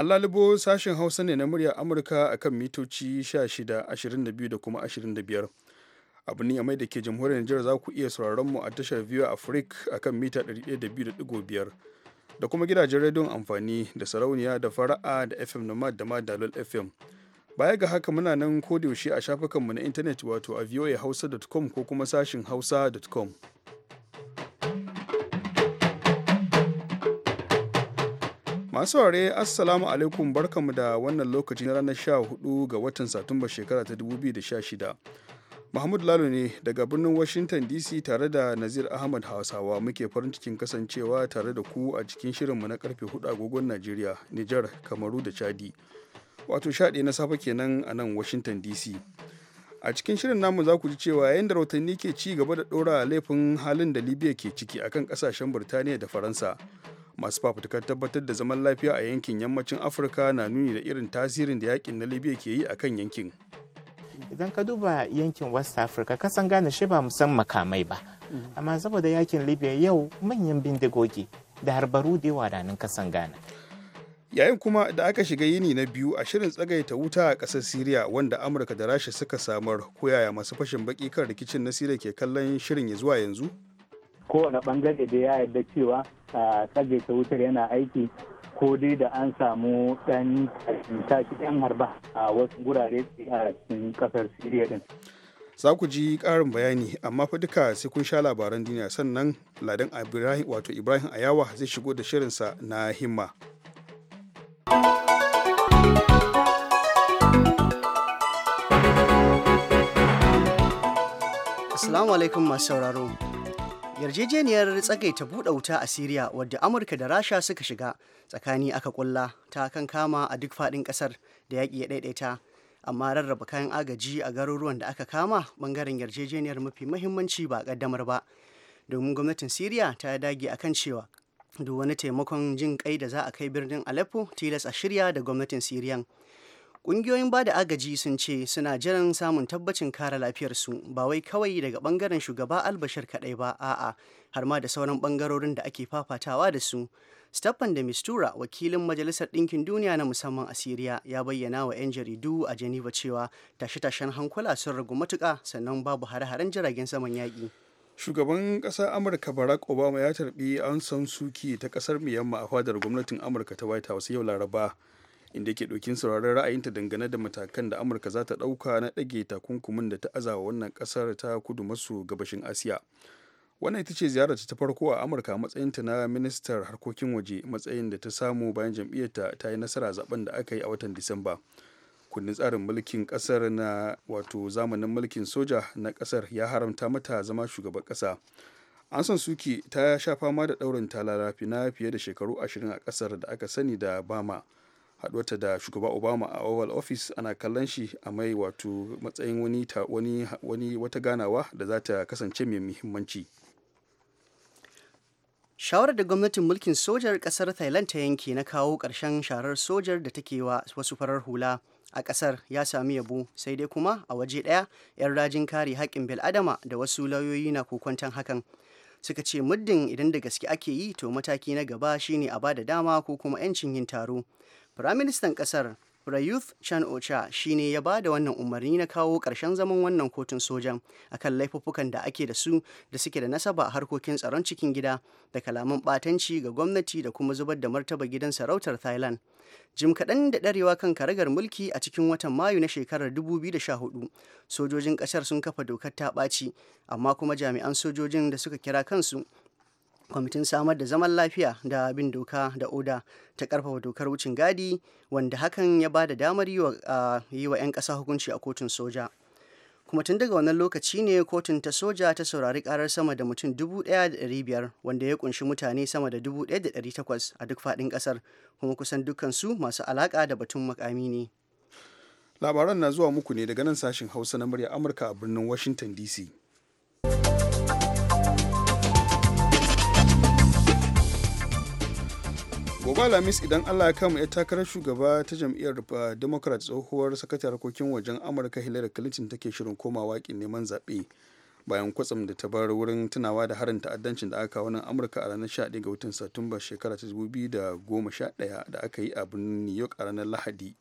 An sashen Hausa ne na muryar Amurka a kan mitoci 16, 22 da kuma 25. A ne Yamai da ke jamhuriyar Nijar za ku iya sauraron mu a tashar Viewer Africa a kan mita 102.5 da kuma gidajen rediyon amfani da sarauniya da fara'a da FM Nomad da ma FM. Baya ga haka muna nan kodiyoshi a shafukanmu na intanet wato a voahausa.com ko kuma sashin hausa.com. masu ware assalamu alaikum barkamu da wannan lokaci na ranar hudu ga watan satumba shekara ta 2016 mahmud lalo ne daga birnin washington dc tare da nazir ahmad hausawa muke farin cikin kasancewa tare da ku a cikin shirinmu na karfe 4 agogon najeriya nijar kamaru da chadi wato shaɗe na safe kenan a nan washington dc a cikin shirin namu za ku ji cewa yayin da rahotanni ke ci gaba da ɗora laifin halin da libya ke ciki akan ƙasashen birtaniya da faransa masu fafutukar tabbatar da zaman lafiya a yankin yammacin afirka na nuni da irin tasirin da yakin na libya ke yi a kan yankin idan ka duba yankin west africa kasan gane shi ba musan makamai ba mm. amma saboda yakin libya yau manyan bindigogi da harbaru da yawa ranar kasan gane yayin kuma da aka shiga yini na biyu a shirin tsagaita wuta a ƙasar siriya wanda amurka da rasha suka samar ko yaya masu fashin baki kan rikicin na ke kallon shirin ya zuwa yanzu kowane bangare da ya yarda cewa tsage a ta wutar yana aiki ko dai da an samu dan tashi yan harba a wasu gurare a cikin kasar siriya din za ku ji ƙarin bayani amma fa duka sai kun sha labaran duniya sannan ladan ibrahim wato ibrahim ayawa zai shigo da shirinsa na himma Assalamu alaikum masu sauraro. yarjejeniyar ta buɗe wuta a siriya wadda amurka da rasha suka shiga tsakani aka kulla ta kan kama a duk faɗin ƙasar da yaƙi ya ɗaiɗaita amma rarraba kayan agaji a garuruwan da aka kama ɓangaren yarjejeniyar mafi mahimmanci ba ƙaddamar ba domin gwamnatin siriya ta dage akan cewa duk wani taimakon jin kai da za a kai birnin aleppo tilas a shirya da gwamnatin siriyan Ƙungiyoyin ba da agaji sun ce suna jiran samun tabbacin kare lafiyarsu ba wai kawai daga ɓangaren shugaba albashir kaɗai ba a'a har ma da sauran bangarorin da ake fafatawa da su. stephen da Mistura wakilin Majalisar Ɗinkin Duniya na musamman a Siriya ya bayyana wa 'yan jaridu a Geneva cewa tashe-tashen hankula sun ragu matuka sannan babu hare-haren jiragen saman yaƙi. Shugaban ƙasar Amurka Barack Obama ya tarbi an san suki ta ƙasar miyamma a fadar gwamnatin Amurka ta White House yau Laraba. inda yake ɗaukin sauraron ra'ayinta dangane da matakan da amurka za ta ɗauka na ɗage takunkumin da ta azawa wannan ƙasar ta kudu maso gabashin asiya wannan ita ce ziyarar ta farko a amurka matsayinta na ministar harkokin waje matsayin da ta samu bayan jam'iyyarta ta yi nasara zaben da aka yi a watan disamba kundin tsarin mulkin kasar na wato zamanin mulkin soja na kasar ya haramta mata zama shugaban kasa an san suki ta sha fama da ɗaurin talala na fiye da shekaru ashirin a kasar da aka sani da bama haduwarta da shugaba obama a oval office ana kallon shi a mai wato matsayin wani, wata ganawa da za ta kasance mai muhimmanci shawarar da gwamnatin mulkin sojar kasar thailand ta yanke na kawo karshen sharar sojar da take wa wasu farar hula a kasar ya sami yabo sai dai kuma a waje daya 'yan rajin kare haƙƙin bil'adama da wasu lauyoyi na kokwanton hakan suka ce muddin idan da gaske ake yi to mataki na gaba shine a ba da dama ko kuma 'yancin yin taro Firaministan ƙasar Prayuth Chan Ocha shi ne ya ba da wannan umarni na kawo ƙarshen zaman wannan kotun sojan a kan laifuffukan da ake da su da suke da nasaba a harkokin tsaron cikin gida da kalaman ɓatanci ga gwamnati da kuma zubar da martaba gidan sarautar Thailand. Jim kaɗan da ɗarewa kan karagar mulki a cikin watan Mayu na shekarar 2014, sojojin ƙasar sun kafa dokar ta ɓaci, amma kuma jami'an sojojin da suka kira kansu kwamitin samar da zaman lafiya da bin doka da oda ta karfafa dokar wucin gadi wanda hakan ya ba da damar yi wa 'yan ƙasa hukunci a kotun soja kuma tun daga wannan lokaci ne kotun ta soja ta saurari karar sama da mutum 1,500 wanda ya kunshi mutane sama da 1,800 a duk faɗin ƙasar kuma kusan dukkansu masu alaka da batun makami ne labaran na zuwa muku ne daga nan sashen hausa na murya amurka a birnin washington dc gobe alhamis idan allah ya kama ya takarar shugaba ta jam'iyyar ah, democrat tsohuwar sakatar kokin wajen amurka hillary clinton take shirin komawa kin neman zaɓe bayan kwatsam da ta bar wurin tunawa da harin ta'addancin da aka wani amurka a ranar 11 ga watan satumba shekara ta 2011 da aka yi a birnin new york a ranar lahadi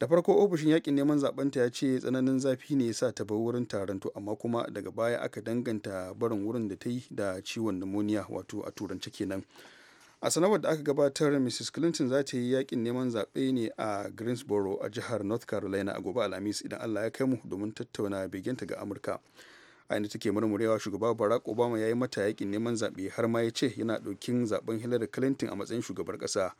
da farko ofishin yakin neman ta ya ce tsananin zafi ne ya sa ta bar wurin taron amma kuma daga baya aka danganta barin wurin da ta yi da ciwon pneumonia wato a turance kenan a sanarwar da aka gabatar mrs clinton za ta yi yakin neman zaɓe ne a greensboro a jihar north carolina a gobe alhamis idan allah ya kai mu domin tattauna beginta ga amurka a inda take murmurewa shugaba barack obama ya yi mata yakin neman zaɓe har ma ya ce yana ɗaukin zaɓen hillary clinton a matsayin shugabar ƙasa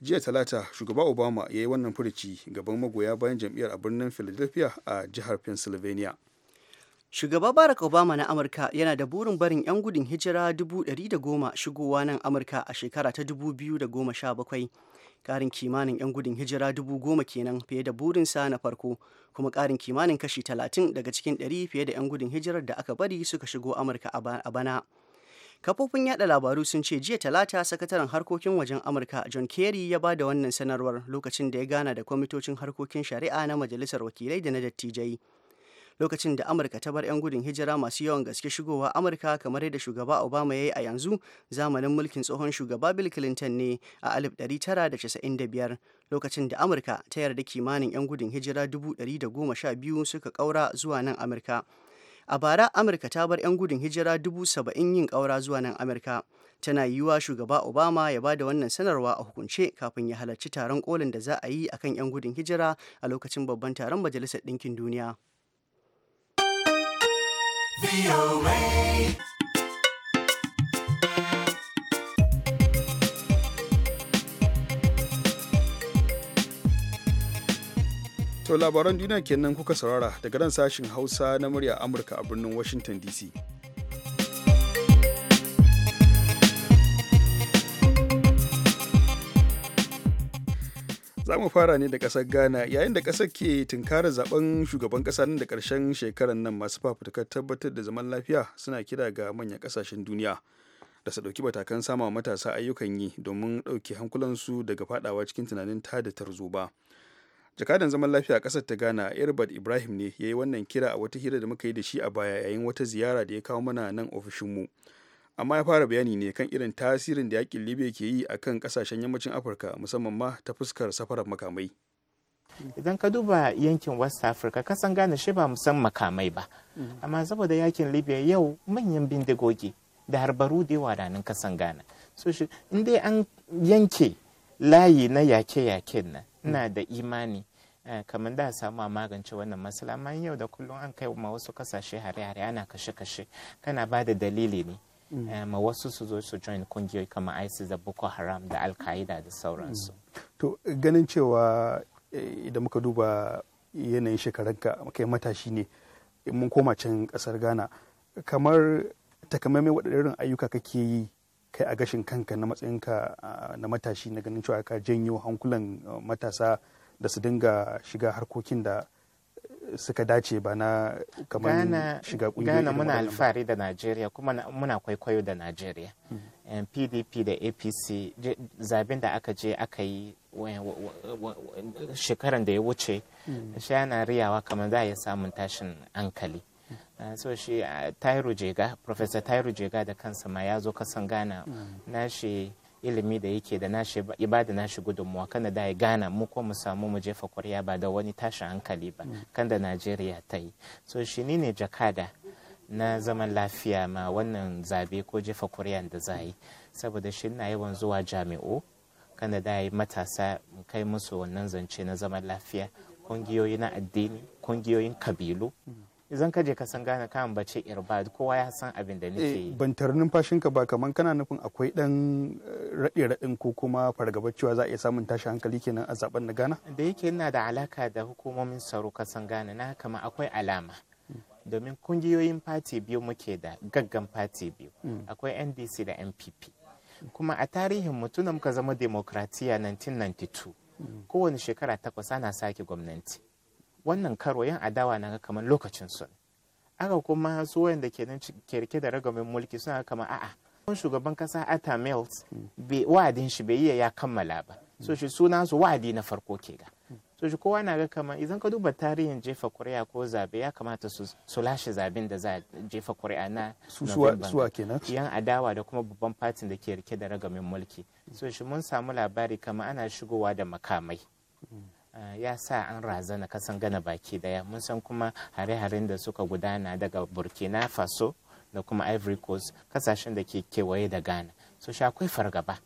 jiya talata shugaba obama ya yi wannan furici gaban magoya bayan jam'iyyar a birnin philadelphia a jihar pennsylvania Shugaba Barack Obama na Amurka yana da burin barin 'yan gudun hijira 110,000 shigowa nan Amurka a shekara ta 2017. Karin kimanin 'yan gudun hijira 10,000 kenan fiye da burinsa na farko, kuma karin kimanin kashi 30 daga cikin 100 fiye da 'yan gudun hijirar da aka bari suka shigo Amurka a bana. Kafofin yada labaru sun ce jiya talata sakataren harkokin wajen Amurka John Kerry ya ba da wannan sanarwar lokacin da ya gana da kwamitocin harkokin shari'a na Majalisar Wakilai da na dattijai. lokacin da amurka ta bar 'yan gudun hijira masu yawan gaske shigowa amurka kamar yadda shugaba obama ya yi a yanzu zamanin mulkin tsohon shugaba bill clinton ne a 1995 lokacin da amurka ta yarda kimanin 'yan gudun hijira 112 suka kaura zuwa nan amurka a bara amurka ta bar 'yan gudun hijira 70,000 yin kaura zuwa nan amurka tana yiwuwa shugaba obama ya ba da wannan sanarwa a hukunce kafin ya halarci taron kolin da za a yi akan 'yan gudun hijira a lokacin babban taron majalisar ɗinkin duniya To labaran duniya kenan kuka saurara daga nan sashin Hausa na murya Amurka a birnin Washington DC. za mu fara ne da ƙasar ghana yayin da ƙasar ke tunkarar zaben shugaban ƙasa nan da ƙarshen shekarar nan masu fafutukar tabbatar da zaman lafiya suna kira ga manyan ƙasashen duniya da su ɗauki matakan sama matasa ayyukan yi domin ɗauke hankulansu daga faɗawa cikin tunanin ta-da-tarzo ba jakadan zaman lafiya a ƙasar ta ghana irbad ibrahim ne ya yi wannan kira a wata hira da muka yi da shi a baya yayin wata ziyara da ya kawo mana nan ofishinmu mu amma ya fara bayani ne kan irin tasirin da yakin libya ke yi a kan kasashen yammacin afirka musamman ma ta fuskar safarar makamai idan ka duba yankin west africa kasan gane shi ba musan makamai ba mm. amma saboda yakin libya yau manyan bindigogi da harbaru da yawa ranar kasan gane so shi dai an yanke layi na yake-yaken nan ina mm. da imani eh, kamar da samu a magance wannan matsala amma yau da kullum an kai ma wasu kasashe hare-hare ana kashe-kashe kana ba da dalili ne Mm. Eh, ma wasu su zo su join kungiyoyi kamar isis da boko haram da al da sauransu mm. to ganin cewa eh, idan muka duba yanayin shekarunka kai matashi ne mun koma can kasar ghana kamar takamaimai waɗannan ayyuka kake yi kai a gashin kanka na matsayinka ah, na matashi na ganin cewa ka janyo hankulan ah, matasa da su dinga shiga harkokin da suka dace ba na kamar shiga kungiyoyi gana muna alfahari da Najeriya kuma muna kwaikwayo da Najeriya PDP hmm. da APC zaben da aka je aka yi shekaran da ya wuce hmm. shi yana riyawa kamar za a yi samun tashin hankali hmm. uh, so shi uh, tairu Jega, Professor tairu Jega da kansa ma ya zo kasan Ghana na shi ilimi da yake da nashi da nashi gudunmuwa kan da ya gana mu ko mu samu mu jefa kwarya ba da wani tashin hankali ba mm. kan da najeriya ta yi so shi ne jakada na zaman lafiya ma wannan zabe ko jefa kuriya da za yi saboda shi na yawan zuwa jami'u kan da ya matasa kai musu wannan zance na zaman lafiya kungiyoyi na addini kungiyoyin kabilu mm. idan ka je ka san gane kan bace irba kowa ya san abin da nake yi eh, ban tar numfashinka ba kaman kana nufin akwai dan rade eh, radin ko kuma fargabar cewa za a iya samun tashi hankali kenan a zaben na gana da yake yana da alaka da hukumomin tsaro kasan Ghana na kama akwai alama domin kungiyoyin fati biyu muke da gaggan fati biyu mm. akwai NDC da NPP kuma a tarihin mutunan muka zama demokratiya 1992 mm. kowane shekara takwas ana sake gwamnati wannan karo yan adawa na kamar lokacin su aka kuma su da ke nan kirke da ragamin mulki suna kama a'a shugaban kasa ata mills wa'adin shi bai iya ya kammala ba so shi suna su wa'adi na farko ke ga so shi kowa na ga kamar idan ka duba tarihin jefa kuri'a ko zabe ya kamata su lashe zaben da za jefa kuri'a na suwa kenan yan adawa da kuma babban fatin da ke rike da ragamin mulki so shi mun samu labari kamar ana shigowa da makamai Eh, ya sa an razana kasan gana baki daya mun san kuma hare-haren da suka gudana daga burkina faso da kuma ivory coast kasashen da ke kewaye da ghana so shi akwai fargaba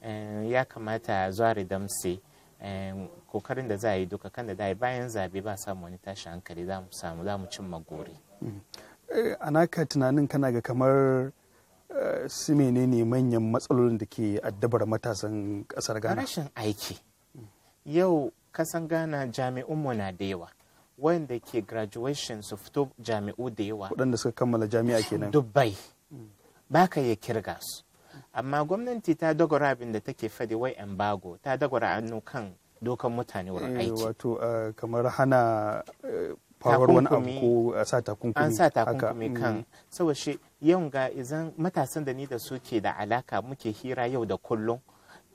eh, ya kamata zuwa damse eh, kokarin da za a yi duka kan da dai bayan zabe ba samu wani tashi hankali za mu samu za mu cimma gori mm. a naka tunanin kana ga kamar su menene manyan matsalolin da ke addabar matasan kasar ghana rashin aiki yau kasan ghana jami'unmu na da yawa wanda ke graduation su fito jami'u da yawa waɗanda suka kammala jami'a kenan dubai mm. ba ka ya kirga su amma gwamnati ta dogara abin da take fadi wai embargo ta dogara hannu kan dokan mutane wurin eh, aiki wato eh, kamar hana eh, fawar wani abu ko a sa takunkumi an sa takunkumi kan mm. saboda shi yau ga izan matasan da ni da ke da alaka muke hira yau da kullum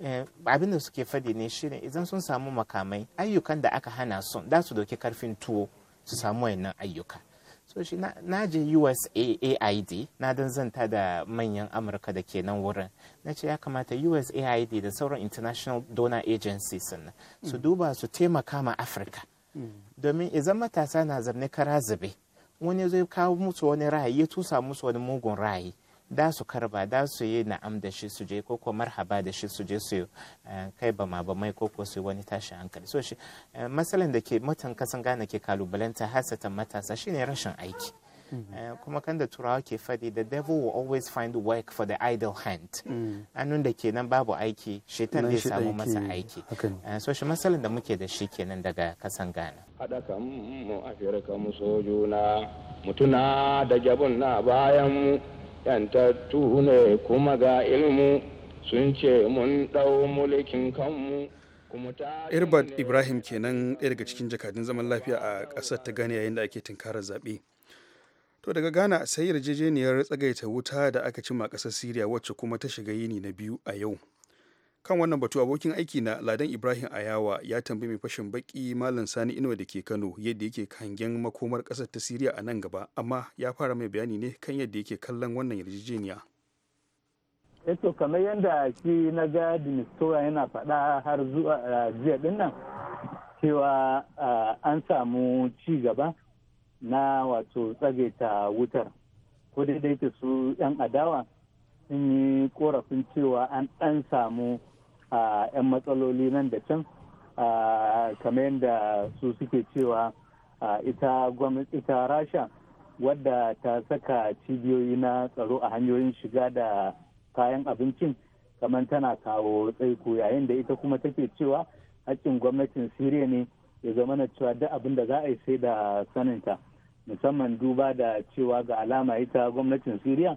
Eh, abin da suke faɗi ne shine idan sun samu makamai ayyukan da aka hana sun da su doki karfin tuwo su samu wayannan ayyuka so shi na je USAID na dan zanta da manyan Amurka da ke nan wurin na ce ya kamata USAID da sauran international donor agencies sun su mm. duba su taimaka ma Afirka mm. domin idan matasa na zarne kara zube wani zai kawo musu wani ra'ayi ya tusa musu wani mugun ra'ayi da su karba da su yi na'am da shi su je ko ko marhaba da shi su je su eh, kai ba ma ba mai ko ko su wani tashi hankali so shi eh, matsalan da ke mutan kasan gane ke kalubalanta hasatan matasa shine rashin aiki mm-hmm. eh, kuma kan da turawa ke fadi the devil will always find work for the idle hand mm. hannun da kenan babu aiki shaitan zai samu masa aiki so shi matsalan da muke da shi kenan daga kasan gana hada kan mu afirka mu sojuna mutuna da jabun na bayan mu yantattu ne kuma ga ilmu sun ce mun ɗau mulkin kanmu Irbad Ibrahim kenan ɗaya daga cikin jakadun zaman lafiya a ƙasar ta Ghana yayin da ake tunkarar zaɓe. To daga Ghana sai yarjejeniyar tsagaita wuta da aka cima ƙasar Siriya wacce kuma ta shiga yini na biyu a yau kan wannan batu abokin aiki na ladan ibrahim ayawa ya tambayi mai fashin baki malam sani inuwa da ke kano yadda yake hangen makomar kasar ta siriya a nan gaba amma ya fara mai bayani ne kan yadda yake kallon wannan yarjejeniya eto eh kamar yadda ake na ga dimistowa yana faɗa har zuwa jiya din nan cewa an samu ci gaba na wato tsagaita wutar ko daidaita su 'yan adawa sun yi korafin cewa an ɗan samu 'yan matsaloli nan da can kamar yadda su suke cewa ita ita rasha wadda ta saka cibiyoyi na tsaro a hanyoyin shiga da kayan abincin kamar tana kawo tsaiko yayin da ita kuma take cewa hakkin gwamnatin siriya ne ya zama na cewa duk abin da za a yi sai da saninta musamman duba da cewa ga alama ita gwamnatin siriya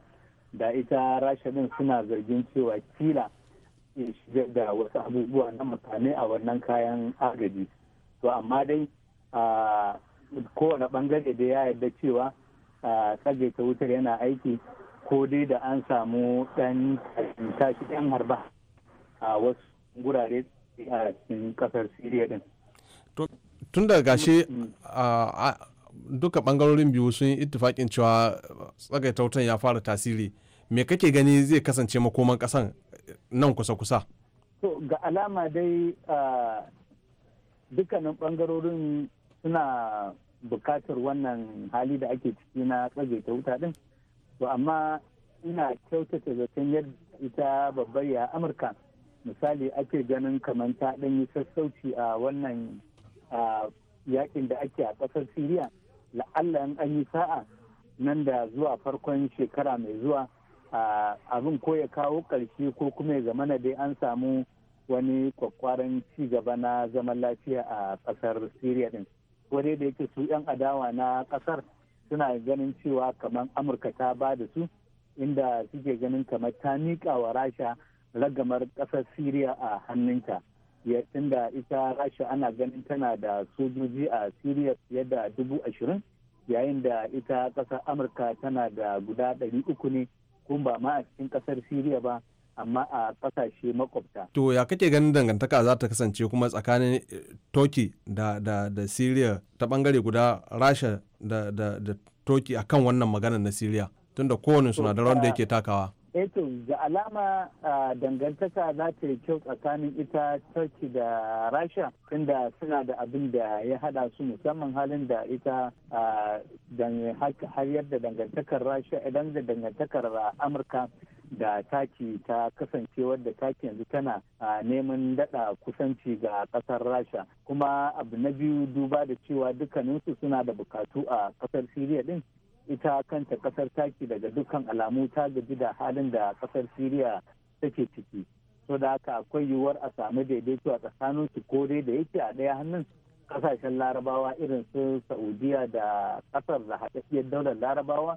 da ita rasha din suna zargin cewa kila iya shigar da wasu abubuwa na makamai a wannan kayan agaji to amma dai kowane bangare da ya yarda cewa ta wutar yana aiki ko dai da an samu dan tashi dan harba a wasu gurare a cikin kasar siriya din tun da gashi mm, mm. duka bangarorin biyu sun yi ittifakin cewa tsagaita wutan ya fara tasiri me kake gani zai kasance makoman kasan nan kusa-kusa? To ga alama dai dukkanin bangarorin suna bukatar wannan hali da ake ciki na tsage ta wuta din. To amma ina kyautata zaton yadda ita babbar ya Amurka misali ake ganin kamar ta ɗanyi sassauci a wannan yakin da ake a ƙasar Siriya. La'alla an yi sa'a nan da zuwa farkon shekara mai zuwa abin ko ya kawo ƙarshe ko kuma ya zamana dai an samu wani kwakwaran ci gaba na zaman lafiya a ƙasar syria din wadai da yake su 'yan adawa na ƙasar suna ganin cewa kamar amurka ta ba da su inda suke ganin kamar ta miƙa wa rasha ragamar ƙasar syria a hannunta inda ita rasha ana ganin tana da sojoji a syria fiye da dubu ashirin yayin da ita ƙasar amurka tana da guda ɗari uku ne ko ba ma a cikin kasar Siriya ba amma a kasashe makwabta. To ya kake ganin dangantaka za ta kasance kuma tsakanin eh, Turkey da da da Siriya ta bangare guda Rasha da da da Turkey akan wannan maganar na Siriya tunda kowane suna da rawar da yake takawa. eto eh da ga alama dangantaka za ta yi kyau tsakanin ita turkey da rasha tunda suna da abin da ya hada su musamman halin da ita har yadda dangantakar rasha idan eh, da dangantakar amurka da taki ta kasance wadda taki yanzu tana neman dada kusanci ga kasar rasha kuma abu na biyu duba da cewa dukkaninsu suna da bukatu a kasar siriya din ita kanta kasar taki daga dukkan alamu ta gaji da halin da kasar siriya take ciki so da haka akwai yiwuwar a sami daidaito a tsakanin su ko dai da yake a daya hannun kasashen larabawa irin su saudiya da kasar da haɗaɗɗiyar daular larabawa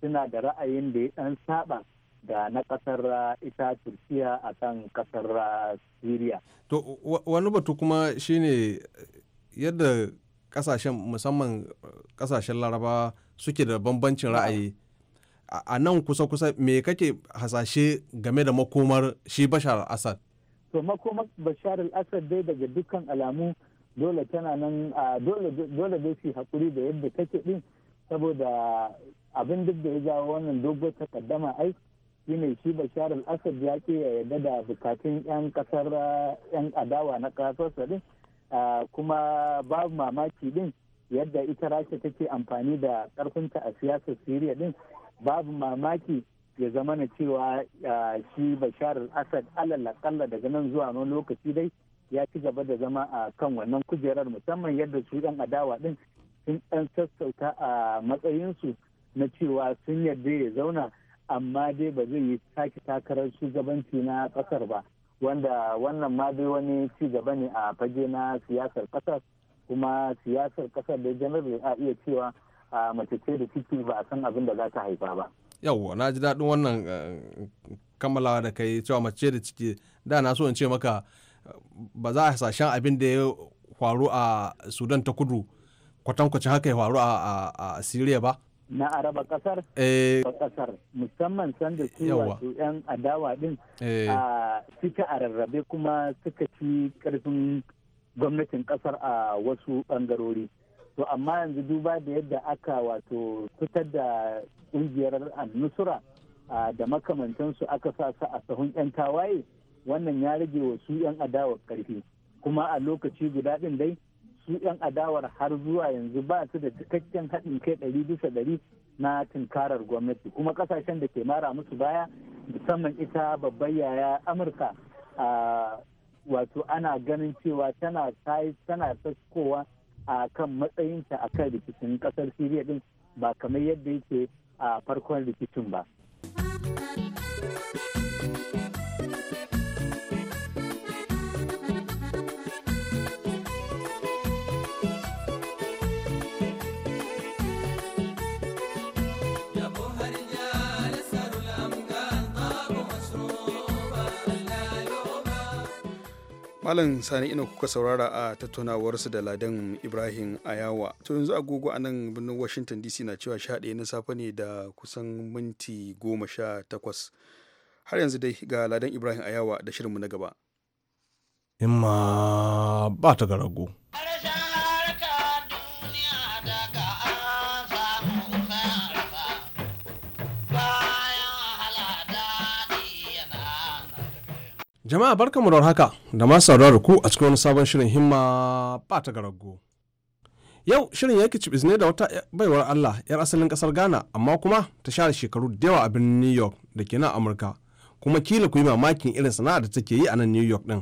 suna da ra'ayin da ya ɗan saba da na kasar uh, ita turkiya a kan kasar uh, siriya to wani batu kuma shine yadda kasashen musamman kasashen uh, larabawa suke da bambancin ra'ayi a nan kusa-kusa me kake hasashe game da makomar shi bashar al-assad to makomar bashar al-assad dai daga dukkan alamu dole tana nan dole dole shi haƙuri da yadda take din saboda abin duk da ya jawo wannan dogon takaddama ai shine shi bashar al-assad ya ke yarda da bukatun 'yan kasar 'yan adawa na kasarsa din kuma babu mamaki din yadda ita rasha take amfani da karfinta a siyasar siriya din babu mamaki ya zama na cewa shi bashar al-assad alalakalla daga nan zuwa wani lokaci dai ya ci gaba da zama a kan wannan kujerar musamman yadda su yan adawa din sun dan sassauta a matsayinsu na cewa sun yarda ya zauna amma dai ba zai yi sake takarar shugabanci na kasar ba wanda wannan ma dai wani ci gaba ne a fage na siyasar kasar kuma siyasar kasar da generally a iya cewa mace ce da ciki ba a san abin da za ta haifa ba yawwa na ji daɗin wannan eh, kammalawa da kai cewa mace da ciki da na so in ce maka eh, ba za a hasashen abin da ya faru a sudan ta kudu kwatankwacin haka ya faru a syria ba na araba kasar eh. kasar musamman sanda su wato yan adawa din a suka a rarrabe kuma suka ci karfin gwamnatin kasar a wasu bangarori to amma yanzu duba da yadda aka wato fitar da ƙungiyar annusura da makamantansu aka sa su a sahun 'yan tawaye wannan ya rage wa su 'yan adawar karfi kuma a lokaci guda din dai su 'yan adawar har zuwa yanzu ba su da cikakken haɗin kai ɗari bisa ɗari na tunkarar gwamnati kuma kasashen da ke mara musu baya musamman ita babbar yaya amurka wato ana ganin cewa tana tana saskowa a kan matsayinta a kan rikicin kasar siriya din ba kamar yadda yake a farkon rikicin ba. Malam Sani ina kuka saurara a su da Ladan Ibrahim Ayawa. To yanzu agogo a nan birnin Washington DC na cewa sha ɗaya na safe ne da kusan minti goma sha takwas. Har yanzu dai ga Ladan Ibrahim Ayawa da shirinmu na gaba. Imma ba ta garago. Jama'a barkanmu da haka da ma saurara ku a cikin wani sabon shirin himma ba ta garago. Yau shirin yake cibis ne da wata baiwar Allah 'yar asalin kasar Ghana amma kuma ta share shekaru da yawa a birnin New York da ke nan Amurka kuma kila ku yi mamakin irin sana'a da take yi a nan New York din.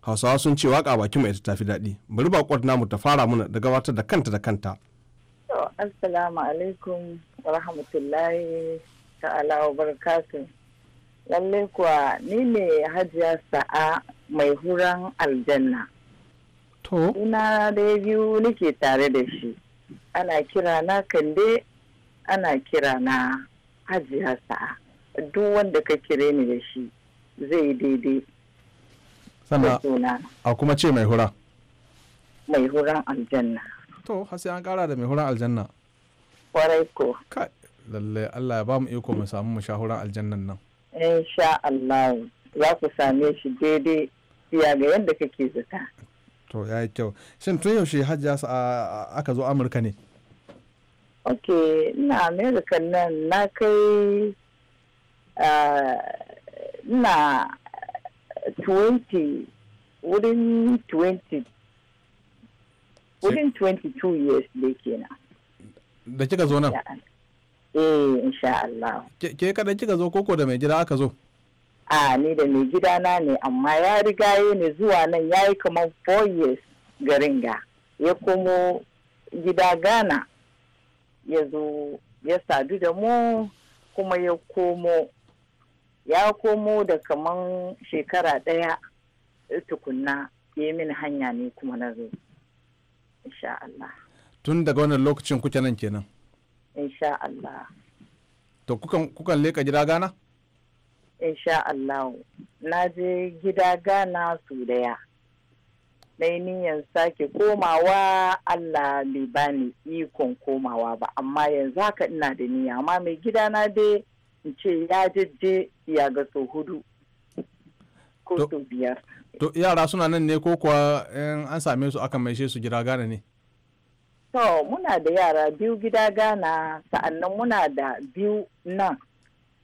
Hausawa sun ce waka baki mai ta tafi daɗi. Bari bakwar namu ta fara mana da gabatar da kanta da kanta. Assalamu alaikum wa rahmatullahi ta'ala wa barakatuh. lalle kuwa ni ne hajiya sa'a mai huran aljanna to ina da biyu nike tare da shi ana kira na kande ana kira na hajiya sa'a duk wanda ka kire ni da shi zai daidai sannan a kuma ce mai hura mai huran aljanna to hasi an kara da mai huran aljanna kwarai ko lalle Allah ya ba mu iko mu samu mu sha huran aljannan nan in sha Allah za ku same shi daidai fiya ga yadda kake zata. To ya yi kyau. Shin tun yaushe hajji aka zo Amurka ne? Ok, ina Amurka nan na kai na 20 wurin 20 wurin 22 years da kenan. Da kika zo nan? eh insha Allah ke kadan kika zo koko da mai gida aka zo a ni da mai gida na ne amma ya riga ya ne zuwa nan ya yi kamar four years garin ga ya komo gida Ghana ya zo ya sadu da mu kuma ya komo ya komo da kaman shekara ɗaya eh, tukunna ya mini hanya ne kuma na zo insha Allah tun daga wannan lokacin kuke nan kenan insha Allah to kukan leka gida gana insha Allah na je gida gana su daya na yi niyan sake komawa Allah bai bani ikon komawa ba amma yanzu haka ina da niyya amma mai gida na dai in ce ya jajje ya ga so hudu ko so biyar to yara suna nan ne ko kuwa an same su aka maishe su gida gane ne To muna da yara biyu gida gana sa'annan muna da biyu nan.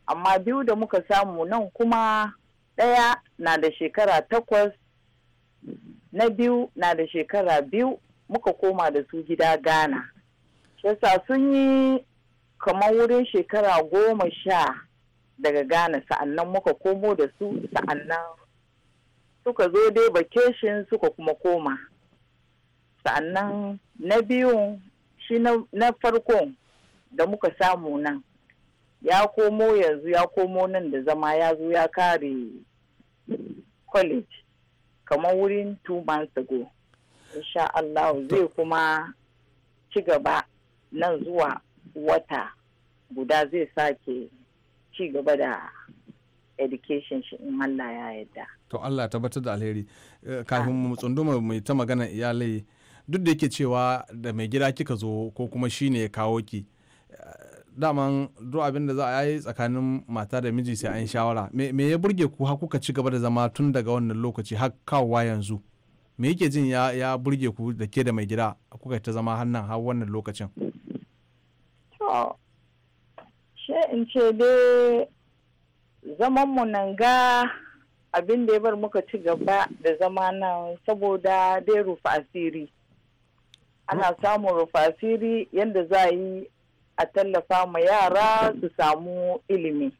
Amma biyu da muka samu nan kuma ɗaya na da shekara takwas na biyu na da shekara biyu muka koma da su gida gana Shasa sun yi kamar wurin shekara goma sha daga gana sa'annan muka komo da su sa'annan suka zo dai vacation suka kuma koma. sannan na biyu shi na farko da muka samu nan ya komo yanzu ya komo nan da zama ya zo ya kare college kamar wurin two months ago insha Allah zai kuma ci gaba nan zuwa wata guda zai sake ci gaba da education shi in Allah ya yadda. To Allah tabbatar da alheri. Eh, kafin mu tsunduma mai ta magana iyalai duk da yake cewa da mai gida kika zo ko kuma shi ne ya kawo ki daman duk abin da za a yi tsakanin mata da miji sai an shawara me ya burge ku har kuka ci gaba da zama tun daga wannan lokaci har kawowa yanzu me yake jin ya ya burge ku da ke da mai gida kuka ta zama hannan har wannan lokacin she in ce dai zaman mu nan ga abin da ya bar muka ci gaba da zama nan saboda dai rufe asiri ana samun rufasiri yadda za a yi a tallafa ma yara su samu ilimi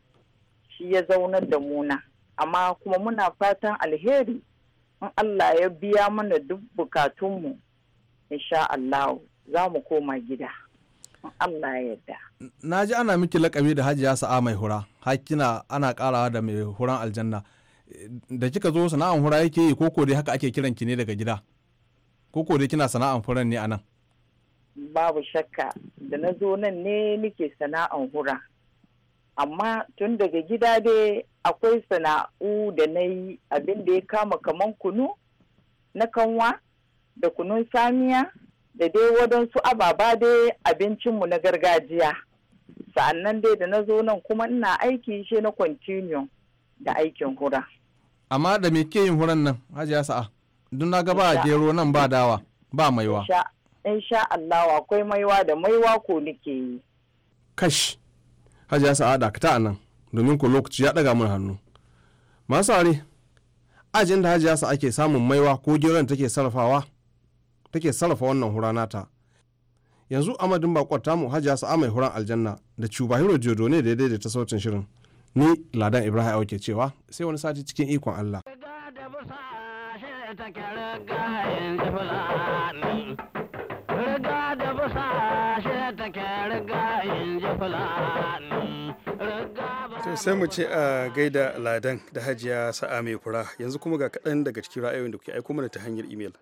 shi ya zaunar da muna amma kuma muna fatan alheri in Allah ya biya mana duk bukatunmu insha Allah za mu koma gida in Allah ya na ji ana miki lakabi da hajiya sa'a mai hura hakina ana karawa da mai huran aljanna da kika zo sana'an hura yake yi ko dai haka ake kiran ki ne daga gida ko ko dai kina sana'an furen ne anan babu shakka da na zo nan ne nike sana'an hura amma tun daga gida dai akwai sana'u da na yi abin da ya kama kaman kunu na kanwa da kunun samiya da dai wadansu ababa dai abincinmu na gargajiya sa'annan dai da na zo nan kuma ina aiki shi na continue da aikin hura amma da me ke yin huran nan hajiya sa'a duna na ga ba gero nan ba dawa ba maiwa in sha Allah akwai maiwa da maiwa ko nake yi kash ya sa'ada ka ta nan domin ku lokaci ya daga mun hannu masu are ajin da ya sa ake samun maiwa ko geron take sarrafawa take sarrafa wannan hura nata yanzu amadin mu tamu ya sa mai huran aljanna da cubahiro jodo ne da ya daidaita sautin shirin ni ladan ibrahim auke cewa sai wani sati cikin ikon allah take sai mu ce a gaida ladan da hajiya sa'a mai kura, yanzu kuma ga kaɗan daga cikin ra'ayoyin da kuke aiko mana ta hanyar imel.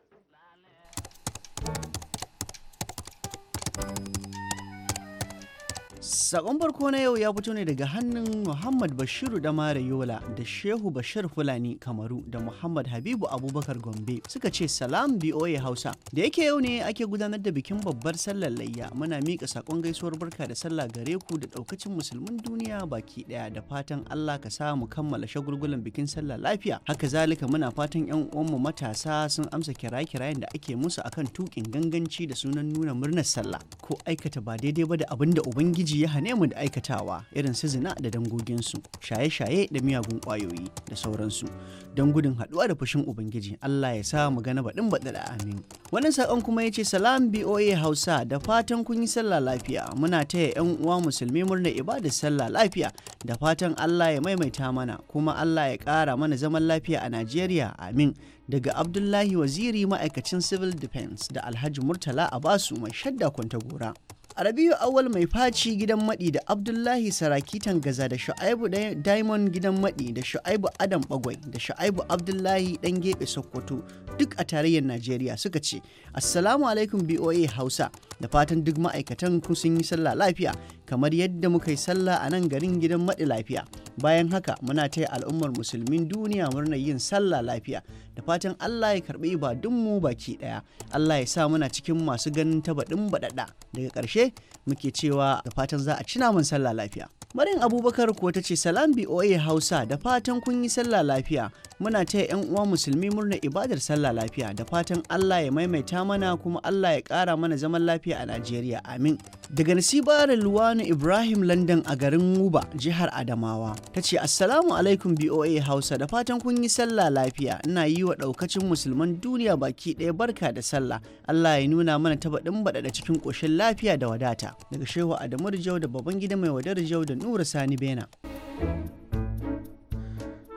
Sakon farko na yau ya fito ne daga hannun Muhammad Bashiru da Mare Yola da Shehu Bashir Fulani Kamaru da Muhammad Habibu Abubakar Gombe suka ce salam BOA Hausa. Da yake yau ne ake gudanar da bikin babbar sallar layya muna mika sakon gaisuwar barka da sallah gare ku da daukacin musulmin duniya baki daya da fatan Allah ka sa mu kammala shagulgulan bikin sallah lafiya. Haka zalika muna fatan yan uwanmu matasa sun amsa kiraye-kirayen da ake musu akan tukin ganganci da sunan nuna murnar sallah ko aikata ba daidai ba da abin ubangiji yahane ya hane mu da aikatawa irin su zina da dangoginsu shaye-shaye da miyagun ƙwayoyi da sauransu don gudun haduwa da fushin ubangiji allah ya sa mu gana baɗin baɗi da amin wani saƙon kuma ya ce salam boa hausa da fatan kun yi sallah lafiya muna taya yan uwa musulmi murna ibadar sallah lafiya da fatan allah ya maimaita mana kuma allah ya ƙara mana zaman lafiya a najeriya amin daga abdullahi waziri ma'aikacin civil defense da alhaji murtala a basu mai shadda kwanta gora Rabiu Awal mai faci gidan maɗi da Abdullahi Saraki Tangaza da Shu'aibu Diamond gidan maɗi da Shu'aibu Adam Bagwai da Shu'aibu Abdullahi ɗan geɓe Sokoto duk a tarayyar Najeriya suka ce Assalamu alaikum BOA Hausa. da fatan duk ma'aikatan kun sun yi sallah lafiya kamar yadda muka yi sallah a nan garin gidan maɗi lafiya bayan haka muna taya al'ummar musulmin duniya murnar yin sallah lafiya da fatan Allah ya karɓi mu baki ɗaya Allah ya sa muna cikin masu ganin tabaɗin baɗaɗa daga ƙarshe muke cewa da fatan za a ci naman sallah lafiya Maryam Abubakar kuwa ta ce salam BOA Hausa da fatan kun yi sallah lafiya muna ta 'yan uwa musulmi murnar ibadar sallah lafiya da fatan Allah ya maimaita mana kuma Allah ya kara mana zaman lafiya lafiya a Najeriya amin. Daga Nasiba Luwanu Ibrahim London a garin Muba, jihar Adamawa, ta ce Assalamu alaikum BOA Hausa da fatan kun yi sallah lafiya. Ina yi wa ɗaukacin musulman duniya baki ɗaya barka da sallah. Allah ya nuna mana tabaɗin baɗaɗa cikin ƙoshin lafiya da wadata. Daga Shehu Adamu Rijau da gida Mai Wadar Rijau da Nura Sani Bena.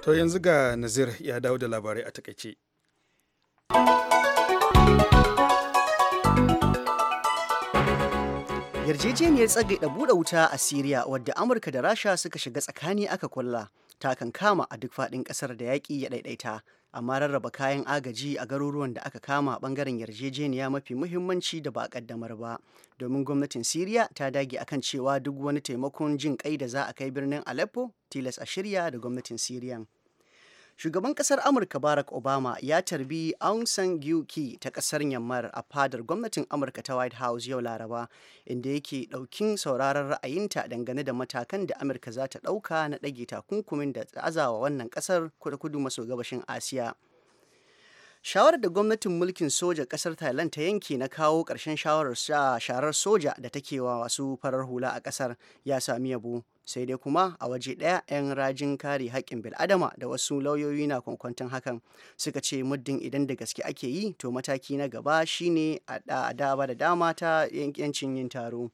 To yanzu ga Nazir ya dawo da labarai a takaice. yarjejeniyar da buɗe wuta a siriya wadda amurka da rasha suka shiga tsakani aka kulla ta kan kama a duk faɗin ƙasar da yaƙi ya ɗaiɗaita amma rarraba kayan agaji a garuruwan da aka kama ɓangaren yarjejeniya mafi muhimmanci da ba a ƙaddamar ba domin gwamnatin siriya ta dage akan cewa duk wani taimakon jin ƙai da za a kai birnin aleppo tilas a shirya da gwamnatin siriyan shugaban kasar amurka barack obama ya tarbi aung san suu ta kasar yammar a fadar gwamnatin amurka ta white house yau laraba inda yake daukin sauraron ra'ayinta dangane da matakan da amurka za ta dauka na ɗage takunkumin da azawa wannan kasar kudu maso gabashin asiya shawarar da gwamnatin mulkin soja kasar thailand ta yanke na kawo ƙarshen shawarar sharar soja da take wa wasu farar hula a kasar ya sami yabo sai dai kuma a waje ɗaya 'yan rajin kare haƙƙin bil'adama da wasu lauyoyi na kwankwanton hakan suka ce muddin idan da gaske ake yi to mataki na gaba shine a da da dama ta 'yancin yin taro.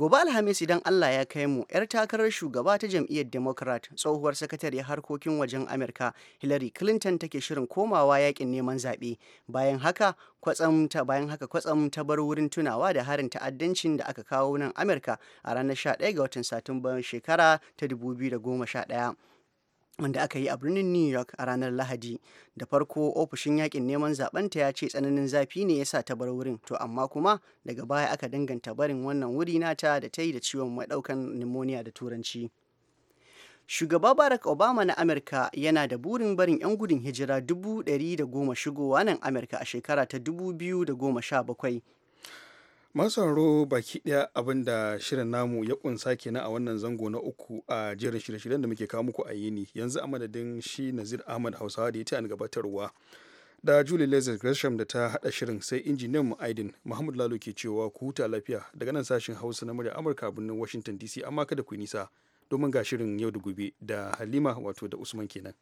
Gobe Alhamis idan Allah ya kai mu, 'yar takarar shugaba ta jam'iyyar Democrat, tsohuwar sakatare harkokin wajen Amurka, Hillary Clinton take shirin komawa yakin neman zaɓe. Bayan haka, kwatsam ta bayan haka kwatsam ta bar wurin tunawa da harin ta'addancin da aka kawo nan Amurka a ranar 11 ga watan satumba shekara ta 2011. wanda aka yi a birnin new york a ranar lahadi da farko ofishin yakin neman zabanta ya ce tsananin zafi ne ya sa ta bar wurin to amma kuma daga baya aka danganta barin wannan wuri nata da ta yi da ciwon mai daukan pneumonia da turanci shugaba barack obama na amurka yana da burin barin 'yan gudun hijira dubu ɗari da goma shigowa nan amurka a shekara ta dubu biyu da goma sha bakwai masauro baki daya abin da shirin namu ya kunsa kenan a wannan zango na uku a jerin shirye-shiryen da muke kawo muku a yini yanzu a madadin shi nazir ahmad hausawa da ya ta gabatarwa da julie lazar gresham da ta hada shirin sai injiniyan mu aidin muhammadu lalo ke cewa ku huta lafiya daga nan sashen hausa na murya amurka birnin washington dc amma kada ku nisa domin ga shirin yau da gobe da halima wato da usman kenan